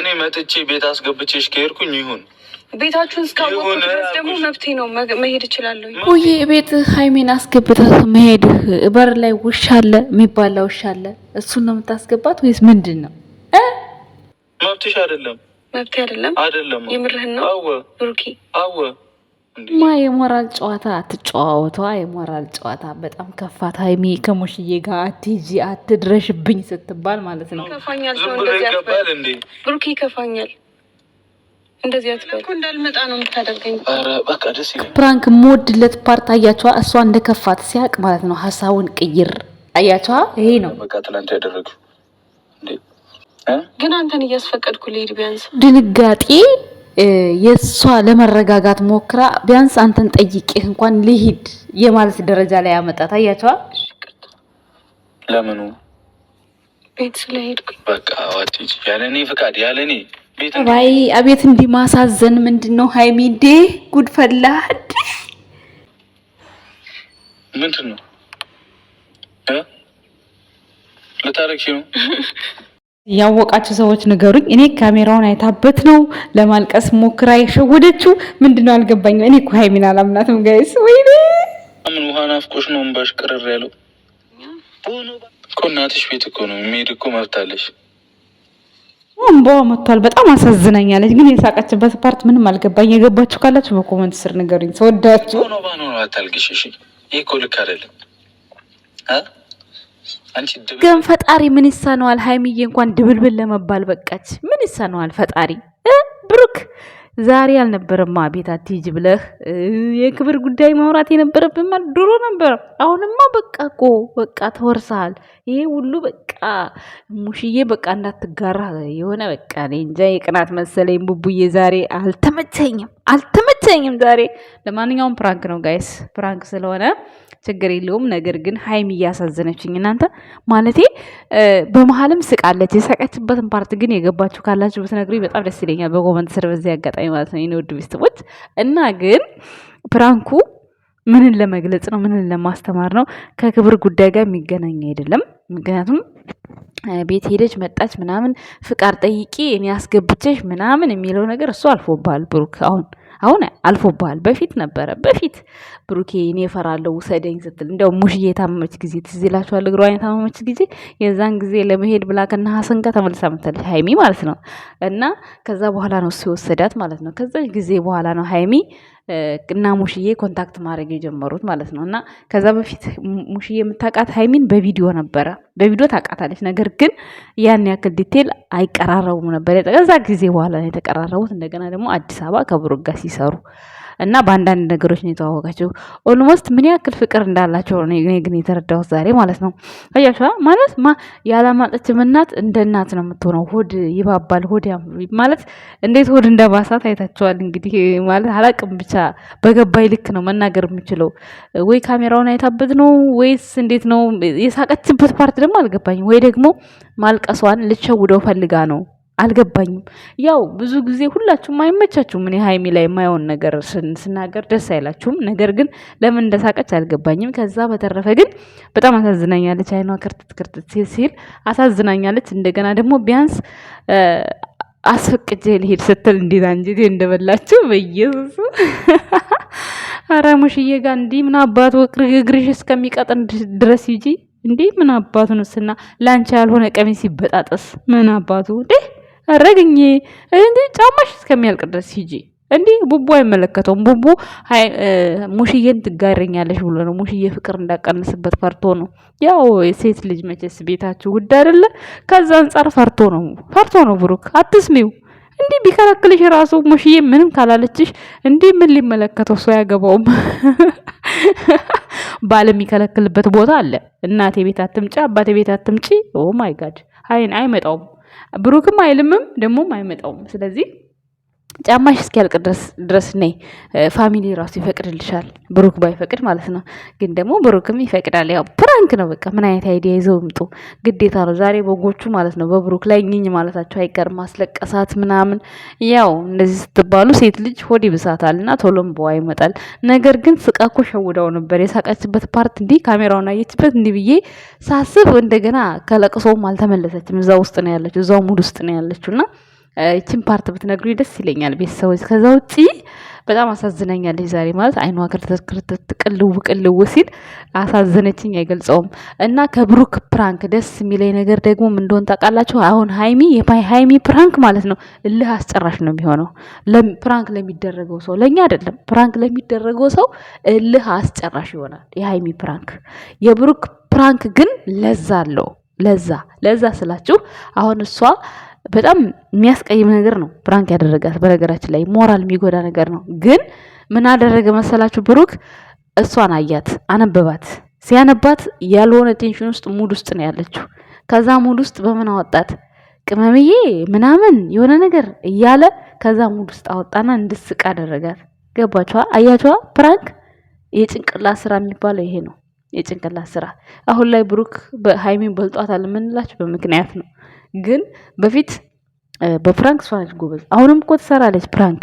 እኔ መጥቼ ቤት አስገብቼሽ ከሄድኩኝ ይሁን ቤታችሁን እስካወቁ ድረስ ደግሞ መብቴ ነው፣ መሄድ እችላለሁ። ውዬ ቤት ሀይሜን አስገብታት መሄድህ በር ላይ ውሻ አለ የሚባላ ውሻ አለ። እሱን ነው የምታስገባት ወይስ ምንድን ነው? መብትሽ አይደለም፣ መብቴ አይደለም፣ አይደለም። የምርህን ነው አወ ብሩኬ አወ ማ የሞራል ጨዋታ አትጨዋወቷ። የሞራል ጨዋታ በጣም ከፋት ሀይሚ ከሙሽዬ ጋር አትሂጂ አትድረሽብኝ ስትባል ማለት ነው። ብሩክ ይከፋኛል፣ እንደዚህ አትበል እኮ እንዳልመጣ ፕራንክ ሞድለት ፓርት አያቸዋ። እሷ እንደከፋት ሲያቅ ማለት ነው ሀሳቡን ቅይር አያቸዋ። ይሄ ነው ግን አንተን እያስፈቀድኩ ልሂድ ቢያንስ ድንጋጤ የእሷ ለመረጋጋት ሞክራ ቢያንስ አንተን ጠይቄህ እንኳን ልሂድ የማለት ደረጃ ላይ አመጣት። አያቸዋ ለምኑ ቤት በቃ ያለ እኔ ፍቃድ ያለ እኔ ባይ አቤት እንዲህ ማሳዘን ምንድን ነው ሀይሚ? እንዴ ጉድ ፈላ። ምንድን ነው ነው? ያወቃችሁ ሰዎች ንገሩኝ። እኔ ካሜራውን አይታበት ነው ለማልቀስ ሞክራ የሸወደችው ምንድነው አልገባኝም። እኔ እኮ ሀይሚን አላምናትም። ጋይስ ወይኔ ምን ውሃ ናፍቆሽ ነው እምባሽ ቅርር ያለው እኮ እናትሽ ቤት እኮ ነው የሚሄድ እኮ መብታለሽ። እምባዋ መጥቷል። በጣም አሳዝናኛለች። ግን የሳቀችበት ፓርት ምንም አልገባኝ። የገባችሁ ካላችሁ በኮመንት ስር ንገሩኝ። ሰወዳችሁ ኖባ ኖ አታልግሽሽ። ይህ እኮ ልክ አይደለም። ግን ፈጣሪ ምን ይሳነዋል? ሀይሚዬ እንኳን ድብልብል ለመባል በቃች። ምን ይሳነዋል ፈጣሪ ብሩክ ዛሬ አልነበረማ ቤት አትሂጂ ብለህ የክብር ጉዳይ ማውራት የነበረብን ድሮ ነበር። አሁንማ በቃ እኮ በቃ ተወርሰሃል። ይሄ ሁሉ በቃ ሙሽዬ በቃ እንዳትጋራ የሆነ በቃ እኔ እንጃ የቅናት መሰለኝ። ቡቡዬ ዛሬ አልተመቸኝም አልተመቸኝም ዛሬ። ለማንኛውም ፕራንክ ነው ጋይስ፣ ፕራንክ ስለሆነ ችግር የለውም። ነገር ግን ሀይም እያሳዘነችኝ እናንተ ማለቴ በመሀልም ስቃለች። የሳቀችበትን ፓርት ግን የገባችሁ ካላችሁ ብትነግሩኝ በጣም ደስ ይለኛል በኮመንት ስር በዚህ አጋጣሚ ማለት ነው የኔ ውድ ቤተሰቦች። እና ግን ፕራንኩ ምንን ለመግለጽ ነው? ምንን ለማስተማር ነው? ከክብር ጉዳይ ጋር የሚገናኝ አይደለም። ምክንያቱም ቤት ሄደች መጣች ምናምን ፍቃድ ጠይቂ እኔ አስገብቼሽ ምናምን የሚለው ነገር እሱ አልፎባል ብሩክ አሁን አሁን አልፎብሃል። በፊት ነበረ። በፊት ብሩኬ እኔ እፈራለሁ ውሰደኝ ስትል እንደው ሙሽዬ የታመመች ጊዜ ትዝ ይላችኋል። እግሯ የታመመች ጊዜ የዛን ጊዜ ለመሄድ ብላ ከእነ ሀሰን ጋር ተመልሳ መታለች ሀይሚ ማለት ነው። እና ከዛ በኋላ ነው እሱ የወሰዳት ማለት ነው። ከዛ ጊዜ በኋላ ነው ሀይሚ እና ሙሽዬ ኮንታክት ማድረግ የጀመሩት ማለት ነው። እና ከዛ በፊት ሙሽዬ የምታውቃት ሀይሚን በቪዲዮ ነበረ፣ በቪዲዮ ታውቃታለች። ነገር ግን ያን ያክል ዲቴል አይቀራረቡም ነበር። ከዛ ጊዜ በኋላ ነው የተቀራረቡት። እንደገና ደግሞ አዲስ አበባ ከብሩክ ጋር ሲሰሩ እና በአንዳንድ ነገሮች ነው የተዋወቃቸው። ኦልሞስት ምን ያክል ፍቅር እንዳላቸው እኔ ግን የተረዳሁት ዛሬ ማለት ነው። አያችሁ ማለት ማ ያላማጠችም እናት እንደ እናት ነው የምትሆነው። ሆድ ይባባል፣ ሆድ ማለት እንዴት ሆድ እንደባሳት አይታቸዋል። እንግዲህ ማለት አላቅም፣ ብቻ በገባይ ልክ ነው መናገር የምችለው። ወይ ካሜራውን አይታበት ነው ወይስ እንዴት ነው? የሳቀችበት ፓርት ደግሞ አልገባኝም። ወይ ደግሞ ማልቀሷን ልትሸውደው ፈልጋ ነው አልገባኝም። ያው ብዙ ጊዜ ሁላችሁም አይመቻችሁም። እኔ ሀይሚ ላይ የማየውን ነገር ስናገር ደስ አይላችሁም። ነገር ግን ለምን እንደሳቀች አልገባኝም። ከዛ በተረፈ ግን በጣም አሳዝናኛለች። አይኗ ክርትት ክርትት ሲል አሳዝናኛለች። እንደገና ደግሞ ቢያንስ አስፈቅጄ ልሄድ ስትል እንዴት አንጀቴ እንደበላችሁ በየሱ አራሙሽዬ ጋር እንዲህ ምን አባቱ ግርግርሽ እስከሚቀጥን ድረስ ይጂ እንዴ ምን አባቱ ንስና ለአንቺ ያልሆነ ቀሚስ ይበጣጠስ ምን አባቱ እንዴ አረግኝ እንዴ ጫማሽ እስከሚያልቅ ድረስ ሂጂ። እንዲህ ቡቡ አይመለከተውም። ቡቡ ሙሽዬን ትጋረኛለሽ ብሎ ነው። ሙሽዬ ፍቅር እንዳቀንስበት ፈርቶ ነው። ያው ሴት ልጅ መቼስ ቤታችሁ ውድ አይደለ? ከዛ አንጻር ፈርቶ ነው ፈርቶ ነው። ብሩክ አትስሚው። እንዲህ ቢከለክልሽ ራሱ ሙሽዬ ምንም ካላለችሽ እንዲህ ምን ሊመለከተው ሰው አያገባውም። ባል የሚከለክልበት ቦታ አለ። እናቴ ቤት አትምጪ፣ አባቴ ቤት አትምጪ። ኦ ማይ ጋድ አይን አይመጣውም። ብሩክም አይልምም ደግሞም አይመጣውም። ስለዚህ ጫማሽ እስኪያልቅ ድረስ ነይ፣ ፋሚሊ ራሱ ይፈቅድልሻል። ብሩክ ባይፈቅድ ማለት ነው። ግን ደግሞ ብሩክም ይፈቅዳል። ያው ፕራንክ ነው በቃ። ምን አይነት አይዲያ ይዘው ይምጡ፣ ግዴታ ነው። ዛሬ በጎቹ ማለት ነው በብሩክ ላይ እኝኝ ማለታቸው አይቀርም። ማስለቀሳት ምናምን። ያው እንደዚህ ስትባሉ ሴት ልጅ ሆድ ይብሳታል እና ቶሎም በዋ ይመጣል። ነገር ግን ስቃ እኮ ሸውዳው ነበር። የሳቀችበት ፓርት እንዲህ ካሜራውን አየችበት እንዲህ ብዬ ሳስብ እንደገና ከለቅሶም አልተመለሰችም። እዛ ውስጥ ነው ያለችው፣ እዛው ሙድ ውስጥ ነው ያለችው እና ይችን ፓርት ብትነግሩኝ ደስ ይለኛል ቤተሰቦች። ከዛ ውጪ በጣም አሳዝነኛለች ዛሬ ማለት አይኗ ከርተት ቅልው ቅልው ሲል አሳዘነችኝ፣ አይገልጸውም። እና ከብሩክ ፕራንክ ደስ የሚለኝ ነገር ደግሞ ምን ታቃላችሁ ታውቃላችሁ? አሁን ሀይሚ ሀይሚ ፕራንክ ማለት ነው እልህ አስጨራሽ ነው የሚሆነው። ፕራንክ ለሚደረገው ሰው ለእኛ አይደለም፣ ፕራንክ ለሚደረገው ሰው እልህ አስጨራሽ ይሆናል የሀይሚ ፕራንክ። የብሩክ ፕራንክ ግን ለዛ አለው። ለዛ ለዛ ስላችሁ አሁን እሷ በጣም የሚያስቀይም ነገር ነው ፕራንክ ያደረጋት። በነገራችን ላይ ሞራል የሚጎዳ ነገር ነው። ግን ምን አደረገ መሰላችሁ? ብሩክ እሷን አያት፣ አነበባት። ሲያነባት ያልሆነ ቴንሽን ውስጥ ሙድ ውስጥ ነው ያለችው። ከዛ ሙድ ውስጥ በምን አወጣት? ቅመምዬ ምናምን የሆነ ነገር እያለ ከዛ ሙድ ውስጥ አወጣና እንድስቅ አደረጋት። ገባችኋ? አያችኋ? ፕራንክ የጭንቅላ ስራ የሚባለው ይሄ ነው። የጭንቅላ ስራ። አሁን ላይ ብሩክ በሃይሚን በልጧታል የምንላችሁ በምክንያት ነው። ግን በፊት በፕራንክ እሷ ነች ጎበዝ። አሁንም እኮ ትሰራለች ፕራንክ።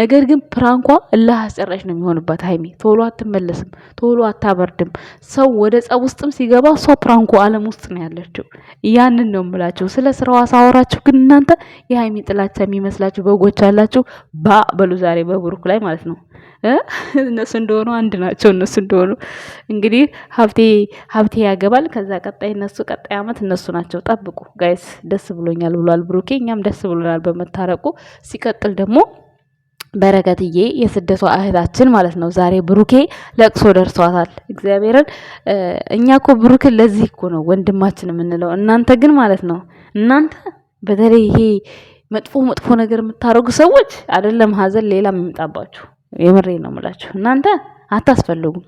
ነገር ግን ፕራንኳ እልህ አስጨራሽ ነው የሚሆንባት። ሀይሚ ቶሎ አትመለስም፣ ቶሎ አታበርድም። ሰው ወደ ጸብ ውስጥም ሲገባ እሷ ፕራንኩ አለም ውስጥ ነው ያለችው። ያንን ነው የምላቸው። ስለ ስራዋ ሳወራችሁ ግን እናንተ የሀይሚ ጥላቻ የሚመስላችሁ በጎች አላችሁ። ባ በሉ ዛሬ በብሩክ ላይ ማለት ነው። እነሱ እንደሆኑ አንድ ናቸው። እነሱ እንደሆኑ እንግዲህ ሀብቴ ሀብቴ ያገባል። ከዛ ቀጣይ እነሱ ቀጣይ አመት እነሱ ናቸው። ጠብቁ ጋይስ። ደስ ብሎኛል ብሏል ብሩኬ። እኛም ደስ ብሎናል በመታረቁ። ሲቀጥል ደግሞ በረከትዬ የስደቷ እህታችን ማለት ነው። ዛሬ ብሩኬ ለቅሶ ደርሷታል። እግዚአብሔርን እኛ እኮ ብሩክን ለዚህ እኮ ነው ወንድማችን የምንለው። እናንተ ግን ማለት ነው እናንተ በተለይ ይሄ መጥፎ መጥፎ ነገር የምታደርጉ ሰዎች አይደለም ሀዘን ሌላ የሚመጣባችሁ የምሬ ነው የምላችሁ እናንተ አታስፈልጉም።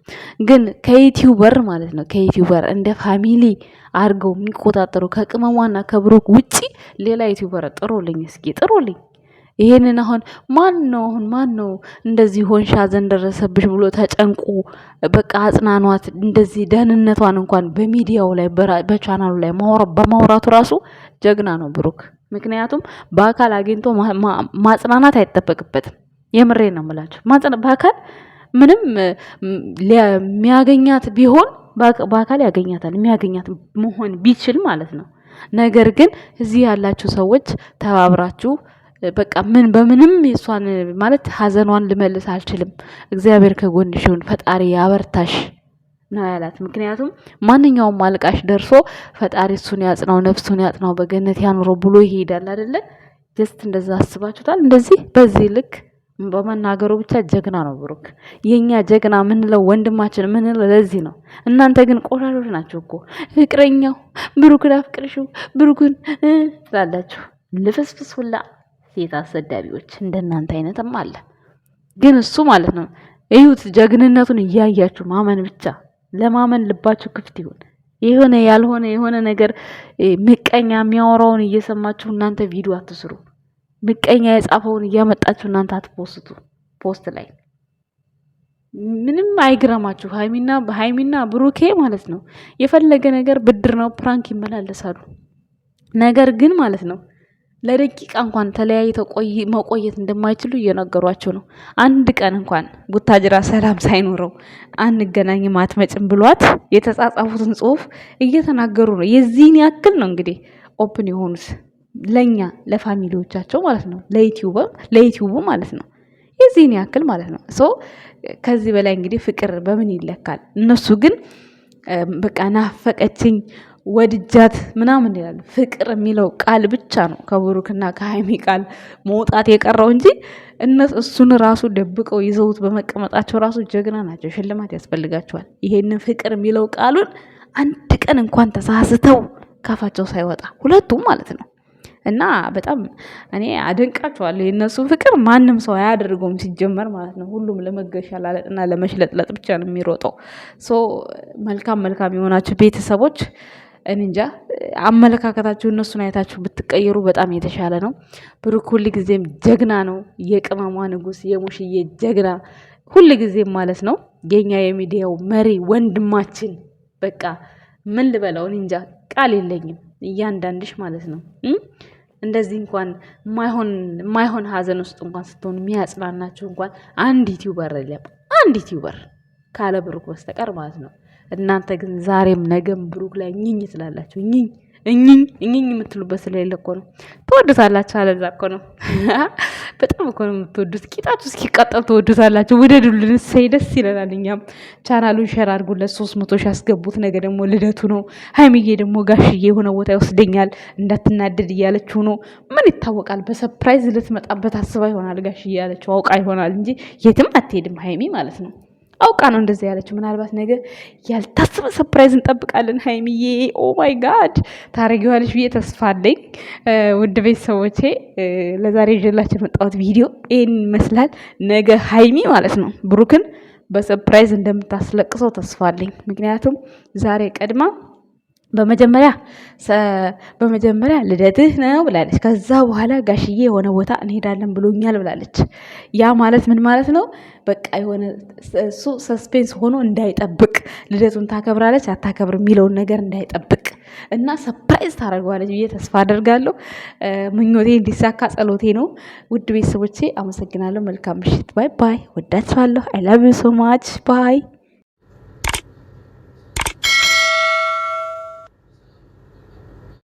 ግን ከዩቲዩበር ማለት ነው ከዩቲዩበር እንደ ፋሚሊ አድርገው የሚቆጣጠሩ ከቅመሟና ከብሩክ ውጪ ሌላ ዩቲዩበር ጥሩልኝ፣ እስኪ ጥሩልኝ። ይሄንን አሁን ማን ነው አሁን ማን ነው እንደዚህ ሆንሽ ሐዘን ደረሰብሽ ብሎ ተጨንቁ፣ በቃ አጽናኗት። እንደዚህ ደህንነቷን እንኳን በሚዲያው ላይ በቻናሉ ላይ በማውራቱ ራሱ ጀግና ነው ብሩክ። ምክንያቱም በአካል አግኝቶ ማጽናናት አይጠበቅበትም። የምሬ ነው የምላቸው በአካል ምንም የሚያገኛት ቢሆን በአካል ያገኛታል የሚያገኛት መሆን ቢችል ማለት ነው። ነገር ግን እዚህ ያላችሁ ሰዎች ተባብራችሁ በቃ ምን በምንም የእሷን ማለት ሀዘኗን ልመልስ አልችልም፣ እግዚአብሔር ከጎንሽ ይሁን፣ ፈጣሪ ያበርታሽ ነው ያላት። ምክንያቱም ማንኛውም አልቃሽ ደርሶ ፈጣሪ እሱን ያጽናው ነፍሱን ያጽናው በገነት ያኑሮ ብሎ ይሄዳል አይደለ? ጀስት እንደዛ አስባችሁታል። እንደዚህ በዚህ ልክ በመናገሩ ብቻ ጀግና ነው ብሩክ። የኛ ጀግና ምንለው ወንድማችን ምንለው ለዚህ ነው። እናንተ ግን ቆራሮች ናቸው እኮ ፍቅረኛው ብሩክን አፍቅርሽው ብሩክን ላላችሁ ልፍስፍስ ሁላ ሴት አሰዳቢዎች እንደናንተ አይነትም አለ። ግን እሱ ማለት ነው እዩት፣ ጀግንነቱን እያያችሁ ማመን ብቻ ለማመን ልባችሁ ክፍት ይሁን። የሆነ ያልሆነ የሆነ ነገር ምቀኛ የሚያወራውን እየሰማችሁ እናንተ ቪዲዮ አትስሩ። ምቀኛ የጻፈውን እያመጣችሁ እናንተ አትፖስቱ። ፖስት ላይ ምንም አይግረማችሁ። ሀይሚና ሀይሚና ብሩኬ ማለት ነው የፈለገ ነገር ብድር ነው ፕራንክ ይመላለሳሉ። ነገር ግን ማለት ነው ለደቂቃ እንኳን ተለያይተው መቆየት እንደማይችሉ እየነገሯቸው ነው። አንድ ቀን እንኳን ቡታጅራ ሰላም ሳይኖረው አንገናኝም አትመጭም ብሏት የተጻጻፉትን ጽሑፍ እየተናገሩ ነው። የዚህን ያክል ነው እንግዲህ ኦፕን የሆኑት። ለእኛ ለፋሚሊዎቻቸው ማለት ነው ለዩቲዩብ ማለት ነው የዚህን ያክል ማለት ነው። ሶ ከዚህ በላይ እንግዲህ ፍቅር በምን ይለካል? እነሱ ግን በቃ ናፈቀችኝ ወድጃት ምናምን ይላሉ። ፍቅር የሚለው ቃል ብቻ ነው ከብሩክና ከሀይሚ ቃል መውጣት የቀረው እንጂ እሱን ራሱ ደብቀው ይዘውት በመቀመጣቸው ራሱ ጀግና ናቸው። ሽልማት ያስፈልጋቸዋል። ይሄንን ፍቅር የሚለው ቃሉን አንድ ቀን እንኳን ተሳስተው ካፋቸው ሳይወጣ ሁለቱም ማለት ነው እና በጣም እኔ አደንቃቸዋለሁ። የእነሱ ፍቅር ማንም ሰው አያደርገውም ሲጀመር ማለት ነው። ሁሉም ለመገሻላለጥና ለመሽለጥለጥ ብቻ ነው የሚሮጠው። ሶ መልካም መልካም የሆናቸው ቤተሰቦች እንጃ አመለካከታችሁ እነሱን አይታችሁ ብትቀየሩ በጣም የተሻለ ነው። ብሩክ ሁል ጊዜም ጀግና ነው። የቅመሟ ንጉስ የሙሽዬ ጀግና ሁል ጊዜም ማለት ነው። የኛ የሚዲያው መሪ ወንድማችን በቃ ምን ልበለው እንጃ ቃል የለኝም። እያንዳንድሽ ማለት ነው እንደዚህ እንኳን ማይሆን ሀዘን ውስጥ እንኳን ስትሆኑ የሚያጽናናችሁ እንኳን አንድ ዩቲዩበር የለም። አንድ ዩቲዩበር ካለ ብሩክ በስተቀር ማለት ነው። እናንተ ግን ዛሬም ነገም ብሩክ ላይ እኝኝ ትላላችሁ እኝኝ እኝኝ እኝኝ የምትሉበት ስለሌለ እኮ ነው። ትወዱታላችሁ። አለዛ እኮ ነው። በጣም እኮ ነው የምትወዱት። ቂጣችሁ እስኪቃጠል ትወዱታላችሁ። ውደዱልን። እሰይ ደስ ይለናል። እኛም ቻናሉን ሸር አድርጉለት። ሶስት መቶ ሺ ያስገቡት። ነገ ደግሞ ልደቱ ነው። ሀይሚዬ ደግሞ ጋሽዬ የሆነ ቦታ ይወስደኛል እንዳትናደድ እያለችው ነው። ምን ይታወቃል። በሰፕራይዝ ልትመጣበት አስባ ይሆናል ጋሽዬ ያለችው አውቃ ይሆናል እንጂ የትም አትሄድም ሀይሚ ማለት ነው። አውቃ ነው እንደዚህ ያለችው። ምናልባት ነገ ያልታሰበ ሰፕራይዝ እንጠብቃለን። ሀይሚዬ ኦ ማይ ጋድ ታረጊዋለሽ ብዬ ተስፋ አለኝ። ውድ ቤተሰቦቼ ለዛሬ ይዤላችሁ የመጣሁት ቪዲዮ ይህን ይመስላል። ነገ ሀይሚ ማለት ነው ብሩክን በሰፕራይዝ እንደምታስለቅሰው ተስፋ አለኝ። ምክንያቱም ዛሬ ቀድማ በመጀመሪያ በመጀመሪያ ልደትህ ነው ብላለች። ከዛ በኋላ ጋሽዬ የሆነ ቦታ እንሄዳለን ብሎኛል ብላለች። ያ ማለት ምን ማለት ነው? በቃ የሆነ እሱ ሰስፔንስ ሆኖ እንዳይጠብቅ ልደቱን ታከብራለች አታከብር የሚለውን ነገር እንዳይጠብቅ እና ሰፕራይዝ ታደርገዋለች ብዬ ተስፋ አደርጋለሁ። ምኞቴ እንዲሳካ ጸሎቴ ነው። ውድ ቤተሰቦቼ አመሰግናለሁ። መልካም ምሽት። ባይ ባይ። ወዳችኋለሁ። አይ ላቭ ዩ ሶ ማች ባይ